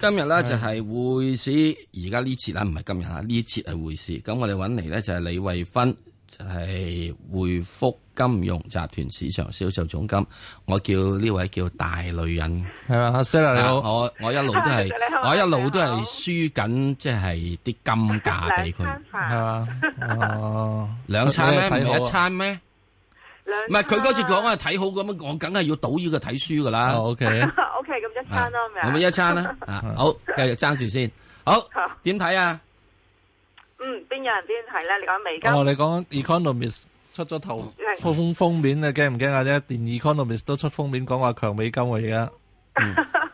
今日咧就係匯市，而家呢次咧唔係今日吓，呢次係匯市。咁我哋揾嚟咧就係李慧芬，就係匯福金融集團市場銷售總監。我叫呢位叫大女人，係啊，阿 s i 你好，我我一路都係我一路都係輸緊，即係啲金價俾佢，係啊，哦吧，兩 餐咩？唔係一餐咩？唔係佢嗰次講我係睇好咁樣，我梗係要賭呢個睇輸噶啦。Oh, OK。有冇一餐啊，好，繼 續爭住先。好，點睇 啊？嗯，邊有人邊睇咧？你講美金？哦，你講 economist 出咗頭，封封 面怕怕啊？驚唔驚啊？啫，連 economist 都出封面，講話強美金啊！而家。 嗯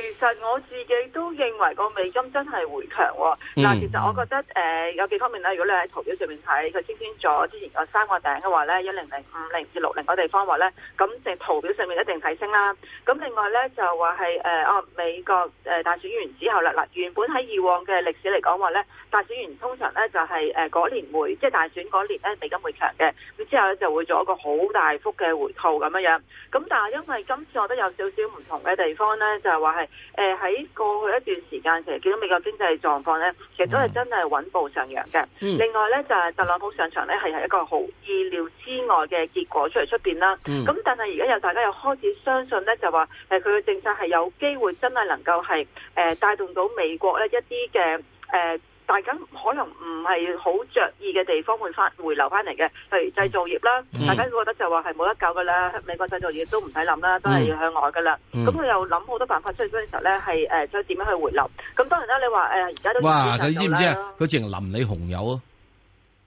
其實我自己都認為個美金真係回強喎、哦。嗱，其實我覺得誒、呃、有幾方面咧。如果你喺圖表上面睇佢升穿咗之前個三個頂嘅話咧，一零零五零至六零嗰地方話咧，咁就圖表上面一定睇升啦。咁另外咧就話係誒哦美國誒、呃、大選完之後啦。嗱、呃，原本喺以往嘅歷史嚟講話咧，大選完通常咧就係誒嗰年會即係大選嗰年咧美金會強嘅。咁之後咧就會做一個好大幅嘅回吐咁樣樣。咁但係因為今次我都有少少唔同嘅地方咧，就係話係。誒，喺過去一段時間其實見到美國經濟狀況咧，其實，其實都係真係穩步上揚嘅。嗯、另外咧就係特朗普上場咧係係一個好意料之外嘅結果出嚟出邊啦。咁、嗯、但係而家又大家又開始相信咧就話，係佢嘅政策係有機會真係能夠係誒帶動到美國咧一啲嘅誒。呃大家可能唔係好著意嘅地方會翻回流翻嚟嘅，例如製造業啦，大家覺得就話係冇得救噶啦，美國製造業都唔使諗啦，都係要向外噶啦。咁佢又諗好多辦法出嚟嗰陣時候咧，係誒再點樣去回流？咁當然啦，你話誒而家都哇，佢知唔知啊？佢淨係淋你紅油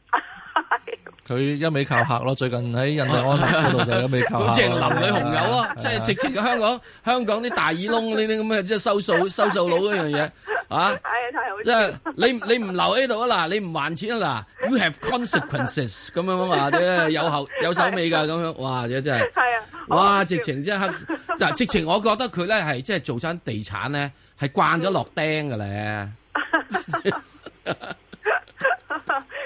啊！佢一味靠客咯，最近喺印度安達嗰度就一味靠客咯。即係淋你紅油啊！即係直情嘅香港，香港啲大耳窿呢啲咁嘅，即係收數收數佬嗰樣嘢。啊！哎、太好笑即係你你唔留喺度啊嗱，你唔還錢啊嗱，You have consequences 咁樣話咧，有後有手尾噶咁樣，哇！真係，哇！直情即係，嗱，直情我覺得佢咧係即係做翻地產咧，係慣咗落釘噶咧。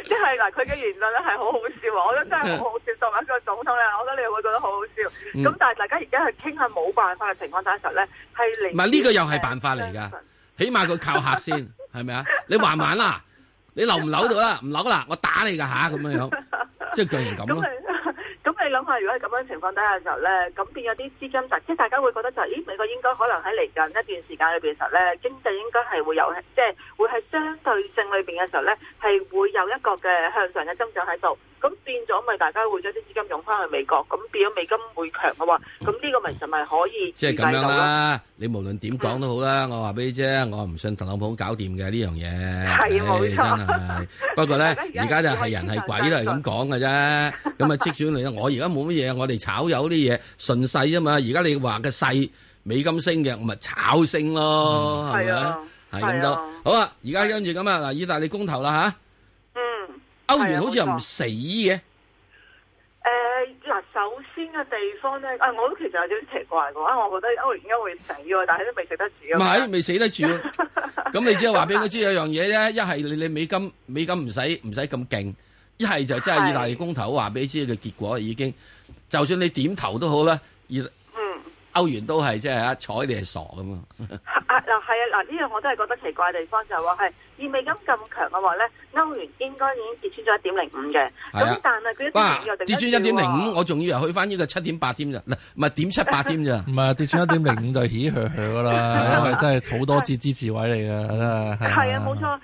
即係嗱，佢嘅 言論咧係好好笑，我覺得真係好好笑，作為一個總統咧，我覺得你會覺得好好笑。咁、嗯、但係大家而家係傾下冇辦法嘅情況底下，實咧係嚟唔係呢個又係辦法嚟噶。起碼佢靠客先，係咪啊？你慢慢啦，你留唔留到啦？唔留啦，我打你㗎嚇咁樣樣，即係強人感咯。咁你諗下，如果係咁樣情況底下嘅時候咧，咁變咗啲資金實，即係大家會覺得就係，咦？美國應該可能喺嚟緊一段時間裏邊嘅時候咧，經濟應該係會有，即係會係相對性裏邊嘅時候咧，係會有一個嘅向上嘅增長喺度。咁變咗咪大家會將啲資金用翻去美國，咁變咗美金會強嘅話，咁呢個咪實咪可以即係咁樣啦。你無論點講都好啦，我話俾你知，我唔信特朗普搞掂嘅呢樣嘢，係冇錯。不過咧，而家就係人係鬼都係咁講嘅啫。咁啊，即轉嚟啊！我而家冇乜嘢，我哋炒有啲嘢順勢啫嘛。而家你話嘅勢美金升嘅，我咪炒升咯，係咪啊？係咁多好啊！而家跟住咁啊，嗱，意大利公投啦吓。歐元好似又唔死嘅，誒嗱，首先嘅地方咧，誒，我其實有啲奇怪嘅，啊，我覺得歐元應該會死喎，但係都未食得住，唔係，未死得住，咁你只係話俾佢知有樣嘢咧，一係你你美金美金唔使唔使咁勁，一係就即係意大利公投話俾你知嘅結果已經，就算你點投都好啦，意。歐元都係即係啊，睬你係傻咁啊？嗱係啊，嗱呢樣我都係覺得奇怪嘅地方就係話係意味咁咁強嘅話咧，歐元應該已經跌穿咗，啊，一點零五嘅。咁但係佢一點零五跌穿一點零五，我仲以為去翻呢個七點八添咋？嗱唔係點七八添咋？唔係跌穿一點零五就唏噓噓啦， 因為真係好多次支持位嚟噶，真係啊，冇錯。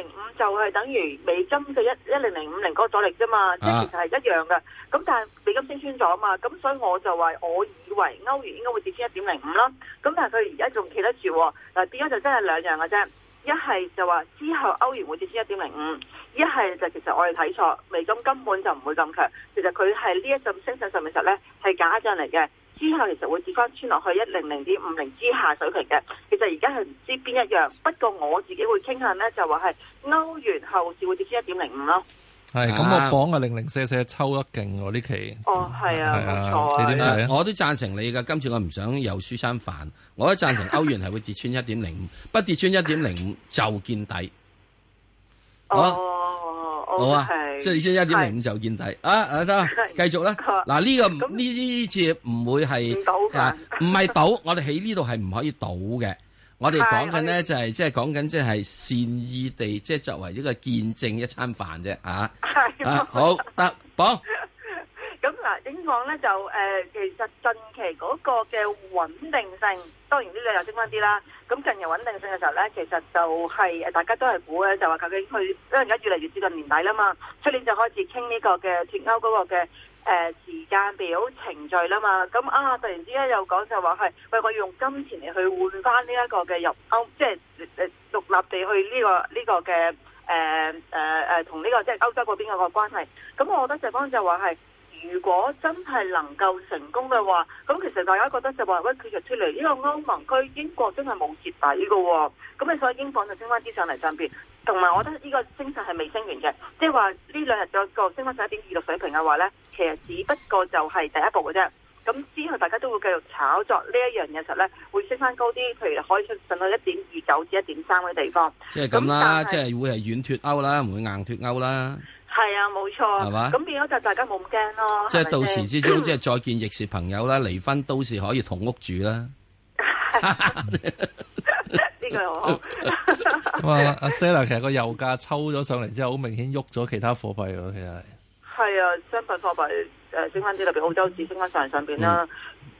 零五、uh huh. 就係等於美金嘅一一零零五零嗰阻力啫嘛，即係其實係一樣嘅。咁但係美金升穿咗啊嘛，咁所以我就話我以為歐元應該會跌穿一點零五啦。咁但係佢而家仲企得住，嗱點解就真係兩樣嘅啫。一係就話之後歐元會跌穿 5, 一點零五，一係就其實我哋睇錯，美金根本就唔會咁強。其實佢係呢一陣升上上面實咧係假象嚟嘅。之後其實會跌翻穿落去一零零點五零之下水平嘅，其實而家係唔知邊一樣，不過我自己會傾向咧就話係歐元後市會跌穿一點零五咯。係，咁我講嘅零零四四抽得勁喎呢期。哦，係啊，冇錯、啊啊啊。我都贊成你噶。今次我唔想又輸餐飯，我都贊成歐元係會跌穿一點零五，不跌穿一點零五就見底。哦，好啊、哦。哦 okay 即係先一點零五就見底啊！得、啊啊、繼續啦。嗱呢個呢次唔會係啊，唔係倒，我哋喺呢度係唔可以倒嘅。我哋講緊咧就係即係講緊即係善意地即係、就是、作為一個見證一餐飯啫嚇。啊，的啊，好，得講。嗱，點講咧？就誒，其實近期嗰個嘅穩定性，當然呢嘢又升翻啲啦。咁近期穩定性嘅時候咧，其實就係、是、誒，大家都係估嘅，就話究竟去，因為而家越嚟越接近年底啦嘛，出年就開始傾呢個嘅脱歐嗰個嘅誒、呃、時間表程序啦嘛。咁啊，突然之間又講就話、是、係，喂，我用金錢嚟去換翻呢一個嘅入歐，即係誒獨立地去呢、這個呢、這個嘅誒誒誒，同、呃、呢、呃這個即係、就是、歐洲嗰邊嗰個關係。咁我覺得就方就話係。如果真係能夠成功嘅話，咁其實大家覺得就話喂，佢就出嚟呢個歐盟區，英國真係冇蝕底嘅、哦。咁你所以英鎊就升翻啲上嚟上邊，同埋我覺得呢個升勢係未升完嘅。即係話呢兩日再升翻曬一點二六水平嘅話呢，其實只不過就係第一步嘅啫。咁之後大家都會繼續炒作呢一樣嘢，實呢，會升翻高啲，譬如可以出進到一點二九至一點三嘅地方。即係咁啦，是即係會係軟脱歐啦，唔會硬脱歐啦。冇錯，係嘛？咁變咗就大家冇咁驚咯。即係到時之中， 即係再見亦是朋友啦，離婚到時可以同屋住啦。呢個，哇！阿 Stella，其實個油價抽咗上嚟之後，好明顯喐咗其他貨幣咯，其實係。係啊，商品貨幣誒，升翻啲，特別澳洲紙升翻上上邊啦。嗯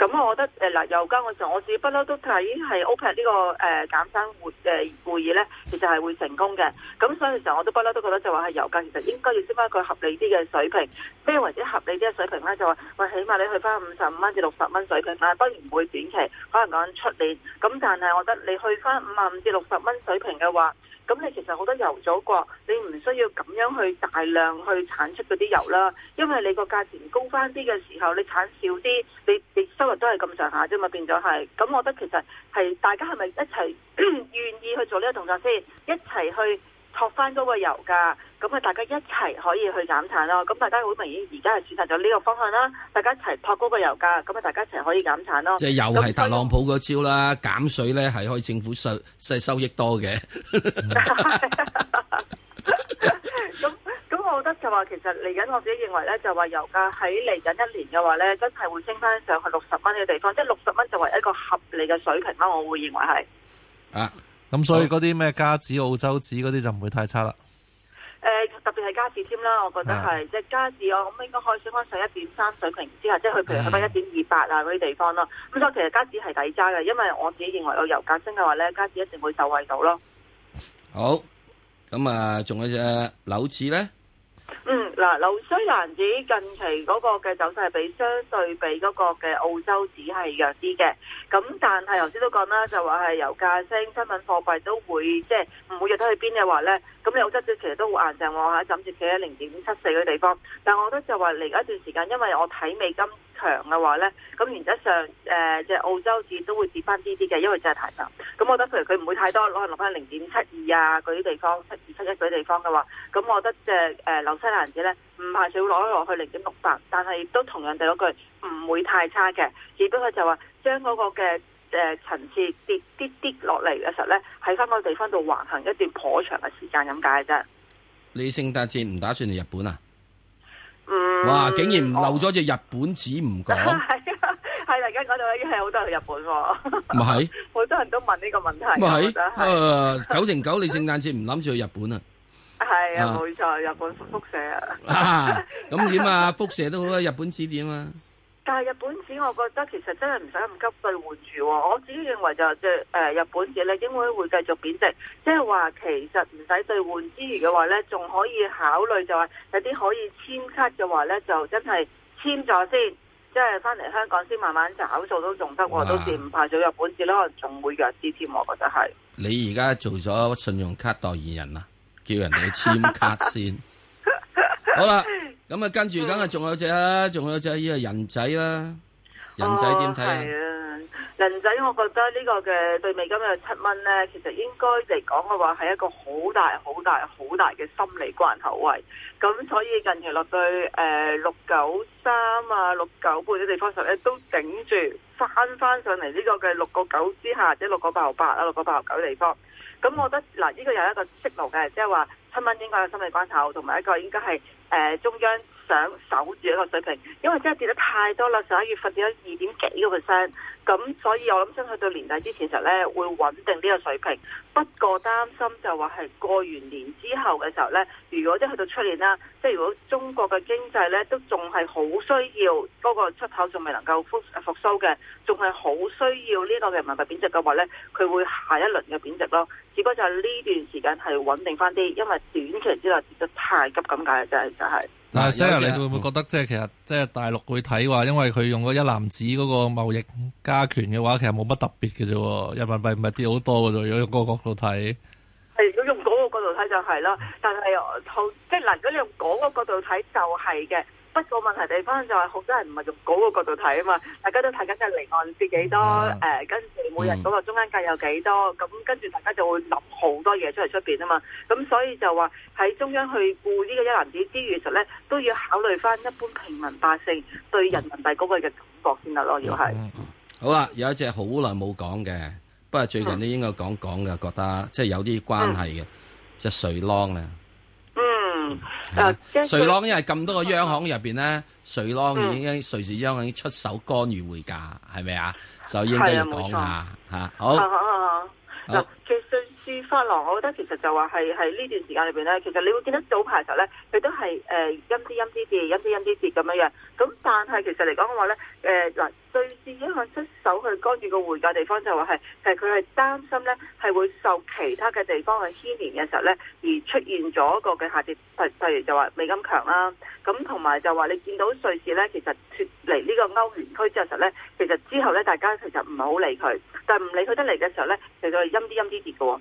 咁、嗯、我覺得誒嗱、呃，油價嘅時候我自己不嬲都睇係 OPEC 呢個誒、呃、減產會誒會議咧，其實係會成功嘅。咁所以其實我都不嬲都覺得就話係油價其實應該要先翻一個合理啲嘅水平。何謂合理啲嘅水平咧？就話喂、呃，起碼你去翻五十五蚊至六十蚊水平但啦，當然唔會短期，可能講出年。咁但係我覺得你去翻五十五至六十蚊水平嘅話。咁你其實好多油咗國，你唔需要咁樣去大量去產出嗰啲油啦，因為你個價錢高返啲嘅時候，你產少啲，你你收入都係咁上下啫嘛，變咗係。咁我覺得其實係大家係咪一齊 願意去做呢個動作先，一齊去。托翻嗰個油價，咁啊大家一齊可以去減產咯。咁大家好明顯而家係選擇咗呢個方向啦。大家一齊托高個油價，咁啊大家一齊可以減產咯。即係又係特朗普嗰招啦，減稅咧係可以政府收即係收益多嘅。咁咁，我覺得就話其實嚟緊，我自己認為咧就話油價喺嚟緊一年嘅話咧，真係會升翻上去六十蚊嘅地方，即係六十蚊就為一個合理嘅水平啦。我會認為係啊。 咁所以嗰啲咩加子、澳洲子嗰啲就唔會太差啦。誒、呃，特別係加子添啦，我覺得係即係加子，我諗應該可以算翻上一點三水平之下，即係佢譬如去翻一點二八啊嗰啲地方咯。咁是所以其實加子係抵揸嘅，因為我自己認為有，我油價升嘅話咧，加子一定會受惠到咯。好，咁啊，仲有隻紐子咧？嗯，嗱，紐西蘭子近期嗰個嘅走勢係比相對比嗰個嘅澳洲子係弱啲嘅。咁但係頭先都講啦，就話係油價升，新聞貨幣都會即係唔會弱得去邊嘅話呢。咁你澳洲紙其實都會硬淨吓，暫時企喺零點七四嗰啲地方。但係我覺得就話嚟緊一段時間，因為我睇美金強嘅話呢，咁原則上誒隻、呃、澳洲紙都會跌翻啲啲嘅，因為真係抬上。咁我覺得譬如佢唔會太多攞落翻零點七二啊嗰啲地方，七二七一嗰啲地方嘅話，咁我覺得即係誒紐西蘭紙呢，唔怕就會落嚟落去零點六八，但係都同樣地嗰句唔會太差嘅，只不過就話。將嗰個嘅誒層次跌跌跌落嚟嘅時候咧，喺翻嗰個地方度橫行一段頗長嘅時間咁解啫。你聖誕節唔打算去日本啊？嗯。哇！竟然漏咗隻日本紙唔講。係啊， 係大家講到已經係好多人去日本。唔係？好多人都問呢個問題。唔係？誒，九成九你聖誕節唔諗住去日本啊？係 啊，冇錯，日本輻射啊。咁 點 啊？輻射都好啊，日本紙點啊？但係日本紙，我覺得其實真係唔使咁急兌換住。我自己認為就即係誒，日本紙咧應該會繼續貶值。即係話其實唔使兌換之餘嘅話咧，仲可以考慮就係有啲可以簽卡嘅話咧，就真係簽咗先，即係翻嚟香港先慢慢找數都仲得。到時唔怕咗日本紙咧，可能仲會弱啲添。我覺得係。你而家做咗信用卡代言人啦，叫人哋簽卡先。 好啦。咁啊，跟住梗係仲有隻啦，仲、嗯、有隻呢個人仔啦，人仔點睇、哦、啊？人仔，我覺得呢個嘅對美金嘅七蚊呢，其實應該嚟講嘅話係一個好大、好大、好大嘅心理關口位。咁所以近期落對誒六九三啊、六九半啲地方實呢，都頂住翻翻上嚟呢個嘅六個九之下，即係六個八毫八啊、六個八毫九地方。咁我覺得嗱，呢、這個有一個釋路嘅，即係話七蚊應該有心理關口，同埋一個應該係。誒中央。Uh, 想守住呢個水平，因為真係跌得太多啦，十一月份跌咗二點幾個 percent，咁所以我諗真係去到年底之前實咧會穩定呢個水平，不過擔心就話係過完年之後嘅時候咧，如果即係去到出年啦，即係如果中國嘅經濟咧都仲係好需要，嗰個出口仲未能夠復復蘇嘅，仲係好需要個文呢個人民幣貶值嘅話咧，佢會下一輪嘅貶值咯。只不過就係呢段時間係穩定翻啲，因為短期之內跌得太急咁解嘅，就係、就係。就係但係，Sir，你會唔會覺得即係、嗯、其實即係大陸會睇話，因為佢用嗰一籃子嗰個貿易加權嘅話，其實冇乜特別嘅啫，人民幣唔係跌好多嘅啫。如果用嗰個角度睇，係，如果用嗰個角度睇就係啦。但係好即係嗱，如果你用嗰個角度睇就係嘅。不過問題地方就係、是，好多人唔係從嗰個角度睇啊嘛，大家都睇緊嘅離岸跌幾多，誒、啊呃，跟住每日嗰個中間價有幾多，咁、嗯、跟住大家就會諗好多嘢，出嚟，出邊啊嘛，咁、嗯、所以就話喺中央去顧呢個一籃子之餘，其實咧，都要考慮翻一般平民百姓對人民幣嗰個嘅感覺先得咯，要係。好啦，有一隻好耐冇講嘅，不過最近都應該講講嘅，嗯、覺得即係有啲關係嘅，即係水浪咧。嗯嗯，係、嗯、啊，瑞郎因為咁多個央行入邊咧，瑞郎已經瑞士央行已經出手干預匯價，係咪啊？嗯、所以應該要講下吓錯、啊，好好。好住法郎，我覺得其實就話係係呢段時間裏邊咧，其實你會見到早排嘅時候咧，佢都係誒陰啲、陰啲跌，陰啲、陰啲跌咁樣樣。咁但係其實嚟講嘅話咧，誒嗱，瑞士央行出手去干預個匯價地方就話係，係佢係擔心咧係會受其他嘅地方去牽連嘅時候咧，而出現咗一個嘅下跌譬如就話美金強啦。咁同埋就話你見到瑞士咧，其實脫離呢個歐元區之後咧，其實之後咧，大家其實唔係好理佢，但係唔理佢得嚟嘅時候咧，其實陰啲、陰啲跌嘅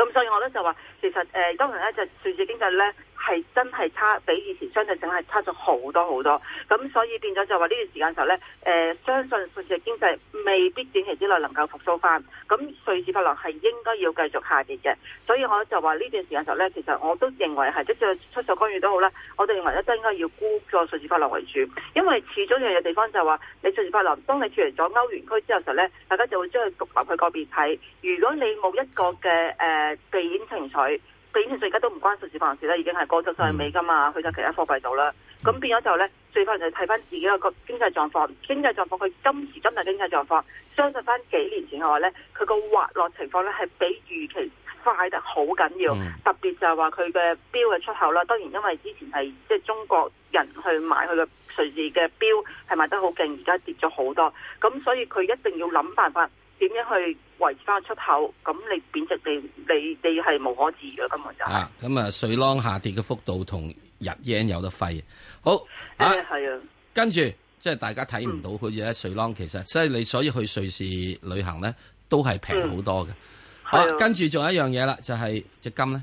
咁所以，我咧就話，其實誒、呃，當然咧，就數字經濟咧係真係差，比以前相對性係差咗好多好多。咁所以變咗就話呢段時間時候咧，誒、呃，相信瑞士經濟未必短期之內能夠復甦翻。咁瑞士法郎係應該要繼續下跌嘅。所以我就話呢段時間時候咧，其實我都認為係即使出手干預都好啦，我哋認為咧都應該要估個瑞士法郎為主，因為始終有樣嘢地方就係話，你瑞士法郎當你脫離咗歐元區之後時候咧，大家就會將佢獨立去嗰邊睇。如果你冇一個嘅誒，呃避險情緒，避險情緒而家都唔關瑞士法郎事啦，已經係過咗去美金啊，去晒其他貨幣度啦。咁變咗就咧，最翻就係睇翻自己個個經濟狀況，經濟狀況佢今時今日經濟狀況，相信翻幾年前嘅話咧，佢個滑落情況咧係比預期快得好緊要，嗯、特別就係話佢嘅標嘅出口啦。當然因為之前係即係中國人去買佢嘅瑞士嘅標係賣得好勁，而家跌咗好多，咁所以佢一定要諗辦法。點樣去維持翻出口？咁你貶值，地，你你係無可置疑嘅。根本就係，是啊。啊，咁啊，嗯，瑞郎下跌嘅幅度同日 y e 有得揮。好係啊。跟住，即係大家睇唔到，佢似咧瑞郎，其實所以你所以去瑞士旅行咧都係平好多嘅。嗯，好，跟住仲有一樣嘢啦，就係、是、隻金咧。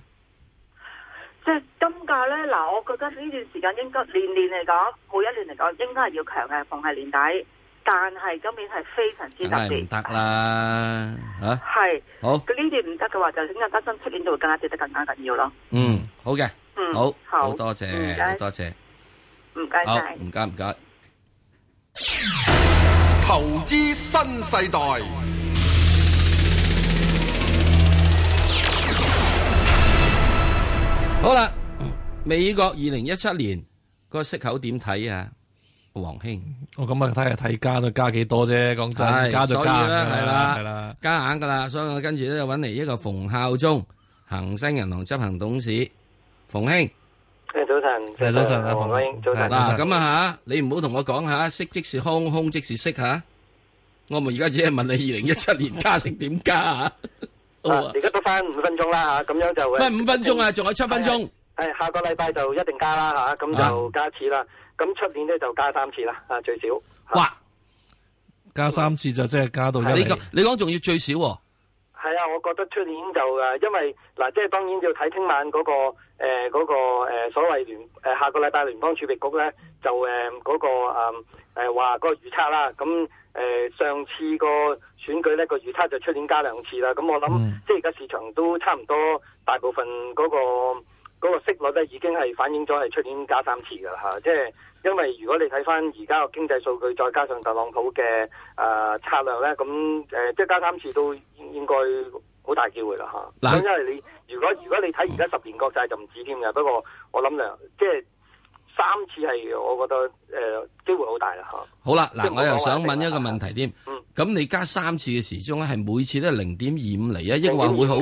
隻金價咧，嗱，我覺得呢段時間應該年年嚟講，每一年嚟講，應該係要強嘅，逢係年底。但係今年係非常之特唔得啦吓，係、啊、是好呢啲唔得嘅話，就更加得新息年就會更加跌得更加緊要咯。嗯，好嘅，嗯，好，好多謝，唔該，多謝，唔該曬，唔該唔該。投資新世代，好啦，美國二零一七年個息口點睇啊？黃興，我咁啊，睇下睇加都加幾多啫，講真，加就加唔緊係啦，加硬噶啦，所以我跟住咧，揾嚟一個馮孝忠，恒生銀行執行董事。馮興，誒早晨，誒早晨啊馮，早晨。嗱，咁啊吓，你唔好同我講吓，息即是空，空即是息吓，我咪而家只係問你二零一七年加成點加啊？而家都翻五分鐘啦吓，咁樣就，唔係五分鐘啊，仲有七分鐘，係下個禮拜就一定加啦吓，咁就加次啦。咁出年咧就加三次啦，啊最少。哇，加三次就、嗯、即係加到係咪你講，你講仲要最少、哦。係啊，我覺得出年就誒，因為嗱，即、啊、係、就是、當然要睇聽晚嗰、那個誒，嗰、呃那個誒、呃、所謂聯誒下個禮拜聯邦儲備局咧就誒嗰、呃那個誒話、呃、個預測啦。咁誒、呃、上次個選舉咧、那個預測就出年加兩次啦。咁我諗、嗯、即係而家市場都差唔多，大部分嗰、那個。嗰個息率咧已經係反映咗係出年加三次噶啦嚇，即、啊、係因為如果你睇返而家個經濟數據，再加上特朗普嘅誒、呃、策略咧，咁、呃、誒即係加三次都應該好大機會啦嚇。嗱、啊，嗯、因為你如果如果你睇而家十年國債就唔止添嘅、啊，不過我諗咧、啊，即係三次係我覺得誒、呃、機會好大啦嚇。啊、好啦，嗱，我又想問一個問題添。咁、嗯、你加三次嘅時鐘係每次都係零點二五釐啊？抑或會,會好？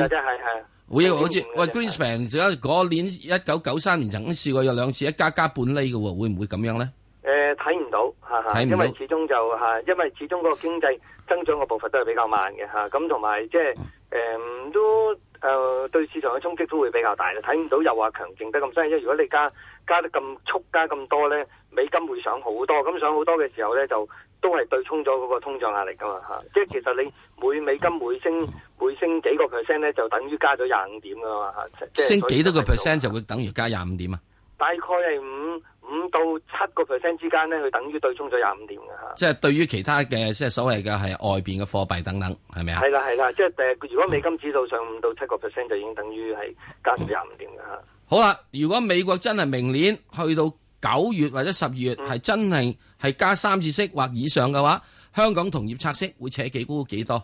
會好似喂 Greenspan 嗰年一九九三年曾經試過有兩次一加加半釐嘅喎，會唔會咁樣咧？誒、呃，睇唔到，睇唔到，因為始終就吓，因為始終嗰個經濟增長嘅步伐都係比較慢嘅吓，咁同埋即係誒、呃、都誒、呃、對市場嘅衝擊都會比較大啦，睇唔到又話強勁得咁犀，因為如果你加加得咁速，加咁多咧，美金會上好多，咁上好多嘅時候咧就。就都係對沖咗嗰個通脹壓力噶嘛嚇，即係其實你每美金每升、嗯、每升幾個 percent 咧，就等於加咗廿五點噶嘛嚇。升幾多個 percent 就會等於加廿五點啊？大概係五五到七個 percent 之間咧，佢等於對沖咗廿五點嘅嚇。即係對於其他嘅即係所謂嘅係外邊嘅貨幣等等係咪啊？係啦係啦，即係誒，如果美金指數上五到七個 percent 就已經等於係加咗廿五點嘅嚇、嗯。好啦，如果美國真係明年去到。九月或者十二月係、嗯、真係係加三次息或以上嘅話，香港同業拆息會扯幾高幾多？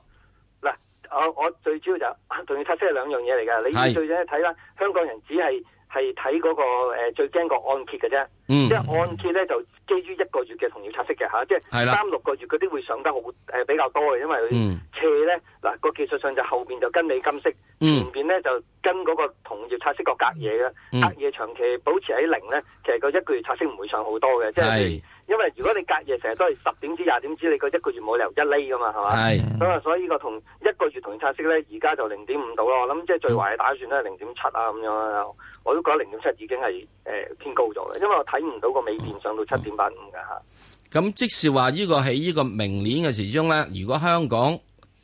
嗱、啊，我我最主要就係、同業拆息係兩樣嘢嚟㗎，是你最想要睇啦，香港人只係。係睇嗰個、呃、最驚個按揭嘅啫，即係、嗯、按揭咧就基於一個月嘅同業拆息嘅嚇，即係三六個月嗰啲會上得好誒、呃、比較多嘅，因為佢斜咧嗱個技術上就後邊就跟美金息，嗯、前邊咧就跟嗰個同業拆息個隔夜嘅，隔夜、嗯、長期保持喺零咧，其實個一個月拆息唔會上好多嘅，即係。因為如果你隔夜成日都係十點至廿點止，你一個，一的個一個月冇理由一厘噶嘛，係咪？係咁啊，所以呢個同一個月同你拆息咧，而家就零點五度咯。我諗即係最壞嘅打算咧，零點七啊咁樣啦。我都覺得零點七已經係誒偏高咗，因為我睇唔到個美電上到七點八五噶吓。咁、嗯、即係話呢個喺呢個明年嘅時鐘咧，如果香港。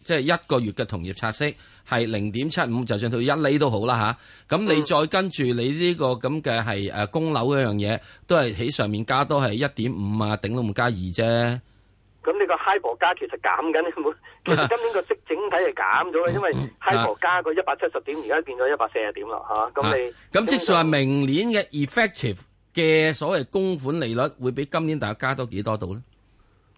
即係一個月嘅同業拆息係零點七五，就算到一厘都好啦嚇。咁你再跟住你呢個咁嘅係誒供樓嗰樣嘢，都係喺上面加多係一點五啊，頂都唔加二啫。咁你個 HIBOR 其實減緊，其實今年個息整體係減咗啦，因為 HIBOR 個一百七十點而家變咗一百四十點啦嚇。咁你咁即係話明年嘅 effective 嘅所謂供款利率會比今年大家加多幾多度咧？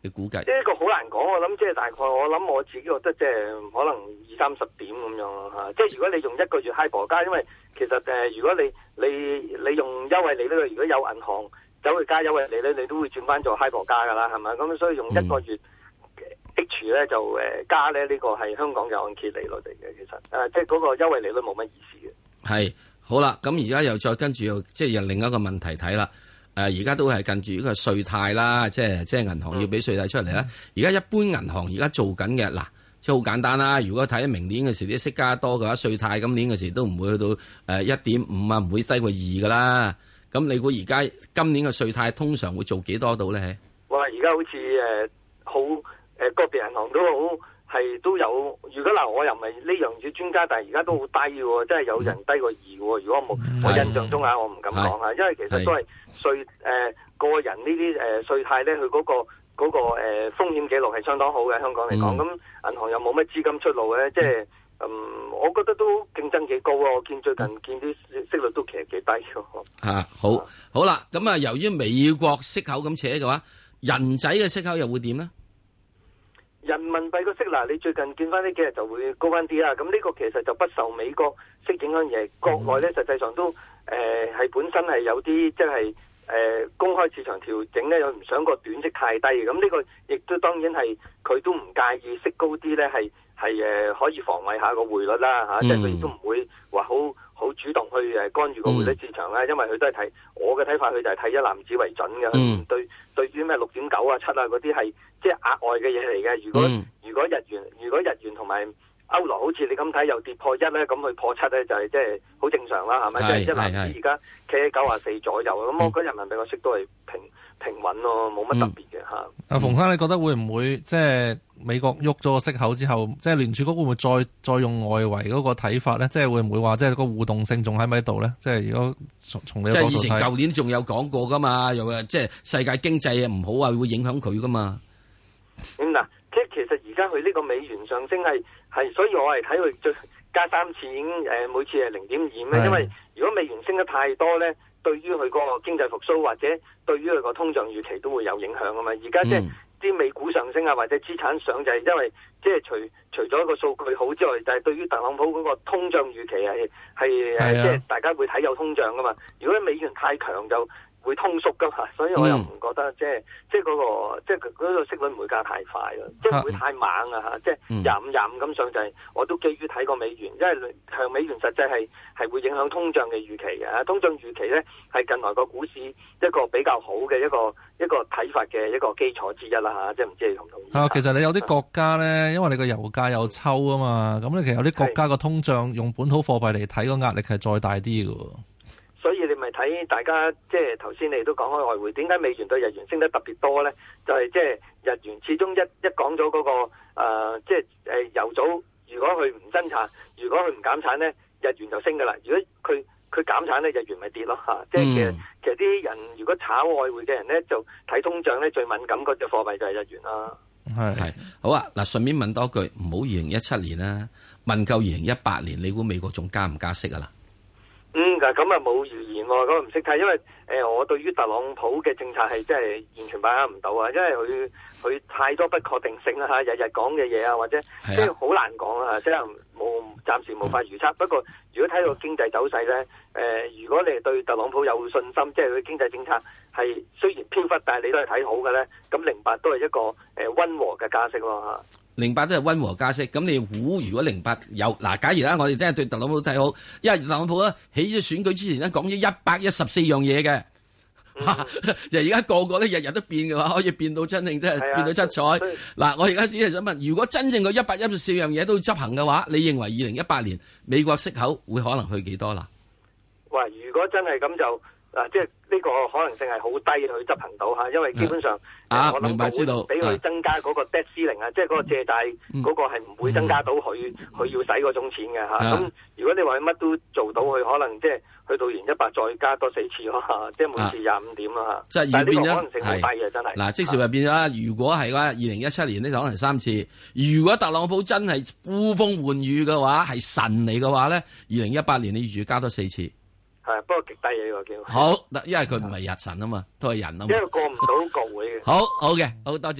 你估計一個好難講，我諗即係大概，我諗我自己覺得即係可能二三十點咁樣咯嚇、啊。即係如果你用一個月 HIBOR 加，因為其實誒、呃，如果你你你用優惠利率，如果有銀行走去加優惠利率，你都會轉翻做 HIBOR 加噶啦，係咪？咁所以用一個月 H 除咧、嗯、就誒加咧呢、呢個係香港嘅按揭利率嚟嘅，其實誒、啊、即係嗰個優惠利率冇乜意思嘅。係好啦，咁而家又再跟住又即係又另一個問題睇啦。誒而家都係近住呢個稅貸啦，即係即係銀行要俾稅貸出嚟啦。而家、嗯、一般銀行而家做緊嘅，嗱，即係好簡單啦。如果睇明年嘅時啲息加多嘅話，稅貸今年嘅時都唔會去到誒一點五啊，唔會低過二㗎啦。咁你估而家今年嘅稅貸通常會做幾多度咧？哇！而家好似誒、呃、好誒，個、呃、別銀行都好。係都有，如果嗱，我又唔係呢樣嘢專家，但係而家都好低喎，真係有人低過二喎。如果我冇，是的 我印象中啊，我唔敢講啊，是的 因為其實都係稅誒個人呢啲誒稅貸咧，佢嗰個嗰個誒風險記錄係相當好嘅，香港嚟講，咁是的 銀行又冇乜資金出路嘅，即係的嗯，嗯，我覺得都競爭幾高啊！我見最近見啲息率都其實幾低喎。嚇，好好啦，咁啊，由於美國息口咁扯嘅話，人仔嘅息口又會點咧？人民幣個息嗱，你最近見翻呢幾日就會高翻啲啦。咁呢個其實就不受美國息影響嘅，國內咧實際上都誒係、呃、本身係有啲即係誒、呃、公開市場調整咧，又唔想個短息太低。咁呢個亦都當然係佢都唔介意息高啲咧，係係誒可以防衞下個匯率啦嚇、啊，即係佢亦都唔會話好。好主動去誒干預個匯率市場啦，因為佢都係睇我嘅睇法，佢就係睇一籃子為準嘅、嗯。對對，啲咩六點九啊、七啊嗰啲係即係額外嘅嘢嚟嘅。如果、嗯、如果日元如果日元同埋歐羅好似你咁睇又跌破一咧，咁去破七咧就係即係好正常啦，係咪？即係一籃子而家企喺九啊四左右，咁我覺得人民幣個息都係平。平穩咯，冇乜特別嘅吓。阿馮、嗯啊、生，你覺得會唔會即係、就是、美國喐咗個息口之後，即係聯儲局會唔會再再用外圍嗰個睇法咧？即、就、係、是、會唔會話即係個互動性仲喺咪度咧？即係如果從即係以前舊年仲有講過噶嘛，又即係世界經濟啊唔好啊會影響佢噶嘛。咁嗱、嗯，即係其實而家佢呢個美元上升係係，所以我係睇佢最加三次，誒、呃，每次係零點二蚊，因為如果美元升得太多咧。對於佢嗰個經濟復蘇或者對於佢個通脹預期都會有影響噶嘛，而家、嗯、即係啲美股上升啊或者資產上就係、是、因為即係除除咗一個數據好之外，但、就、係、是、對於特朗普嗰個通脹預期係係、啊、即係大家會睇有通脹噶嘛，如果美元太強就，會通縮噶吓，所以我又唔覺得即係即係嗰、嗰個即係個息率唔會加太快咯，即係唔會太猛啊吓，即係廿五廿五咁上就係，我都基於睇過美元，因為向美元實際係係會影響通脹嘅預期嘅，通脹預期咧係近來個股市一個比較好嘅一個一個睇法嘅一個基礎之一啦吓，即係唔知你同唔同意？其實你有啲國家咧，啊、因為你個油價又抽啊嘛，咁咧其實有啲國家個通脹是用本土貨幣嚟睇個壓力係再大啲噶，所以你。睇大家即係頭先，你都講開外匯，點解美元對日元升得特別多咧？就係、是、即係日元始終一一講咗嗰個誒、呃，即係誒，由、呃、早如果佢唔增產，如果佢唔減產咧，日元就升噶啦。如果佢佢減產咧，日元咪跌咯吓。嗯、即係其實其實啲人如果炒外匯嘅人咧，就睇通脹咧最敏感嗰隻貨幣就係日元啦。係係是、嗯、好啊！嗱，順便問多句，唔好二零一七年啦，問夠二零一八年，你估美國仲加唔加息啊啦？嗯，嗱咁啊冇預言喎，咁啊唔識睇，因為誒、呃、我對於特朗普嘅政策係真係完全把握唔到啊，因為佢佢太多不確定性啦嚇，日日講嘅嘢啊或者即係好難講啊，即係冇暫時無法預測。嗯、不過如果睇到經濟走勢呢，誒、呃、如果你係對特朗普有信心，即係佢經濟政策係雖然飄忽，但係你都係睇好嘅呢。咁零八都係一個誒、呃、溫和嘅加息咯嚇。零八都係溫和加息，咁你估如果零八有嗱，假如啦，我哋真係對特朗普睇好，因為特朗普咧喺選舉之前咧講咗一百一十四樣嘢嘅，就而家個個都日日都變嘅話，可以變到真正真係變到七彩。嗱，我而家只係想問，如果真正個一百一十四樣嘢都執行嘅話，你認為二零一八年美國息口會可能去幾多啦？哇！如果真係咁就嗱，即係。呢個可能性係好低去執行到嚇，因為基本上我諗到俾佢增加嗰個 debt ceiling 啊，即係嗰個借貸嗰個係唔會增加到佢佢要使嗰種錢嘅嚇。咁如果你話佢乜都做到，佢可能即係去到完一百再加多四次咯，即係每次廿五點，可能性係好低嘅真係。嗱，即是話變咗啦。如果係啦，二零一七年呢可能三次。如果特朗普真係呼風喚雨嘅話，係神嚟嘅話咧，二零一八年你預加多四次。係，不過極低嘢個叫。好，嗱，因為佢唔係日神啊嘛，都係人啊嘛。因為過唔到國會嘅。 好 OK，好嘅，好多謝。